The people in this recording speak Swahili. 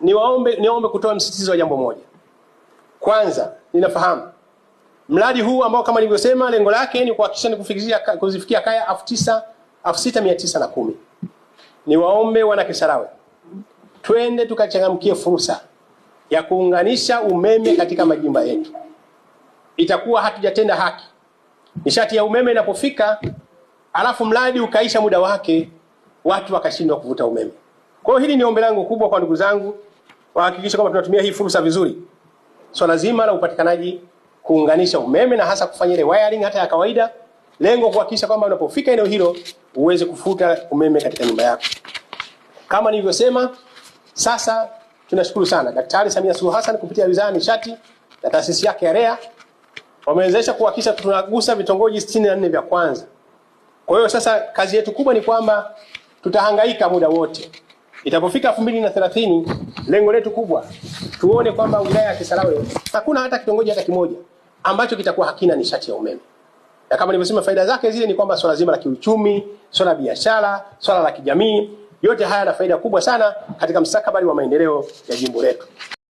niwaombe niombe kutoa msisitizo wa jambo moja. Kwanza, ninafahamu mradi huu ambao kama nilivyosema lengo lake ni kuhakikisha nikufikia kuzifikia kaya elfu tisa elfu sita mia tisa na kumi. Niwaombe wana Kisarawe, twende tukachangamkie fursa ya kuunganisha umeme katika majimba yetu. Itakuwa hatujatenda haki nishati ya umeme inapofika, alafu mradi ukaisha muda wake, watu wakashindwa kuvuta umeme. Kwa hiyo hili ni ombi langu kubwa kwa ndugu zangu wahakikishe kwamba tunatumia hii fursa vizuri. Swala so, zima la upatikanaji kuunganisha umeme na hasa kufanya ile wiring hata ya kawaida, lengo kuhakikisha kwamba unapofika eneo hilo uweze kufuta umeme katika nyumba yako. Kama nilivyosema, sasa tunashukuru sana Daktari Samia Suluhu Hassan kupitia Wizara ya Nishati na taasisi yake ya REA wamewezesha kuhakikisha tunagusa vitongoji 64 vya kwanza. Kwa hiyo sasa kazi yetu kubwa ni kwamba tutahangaika muda wote. Itapofika 2030 Lengo letu kubwa tuone kwamba wilaya ya Kisarawe hakuna hata kitongoji hata kimoja ambacho kitakuwa hakina nishati ya umeme, na kama nilivyosema, faida zake zile ni kwamba swala zima la kiuchumi, swala biashara, swala la kijamii, yote haya yana faida kubwa sana katika mstakabali wa maendeleo ya jimbo letu.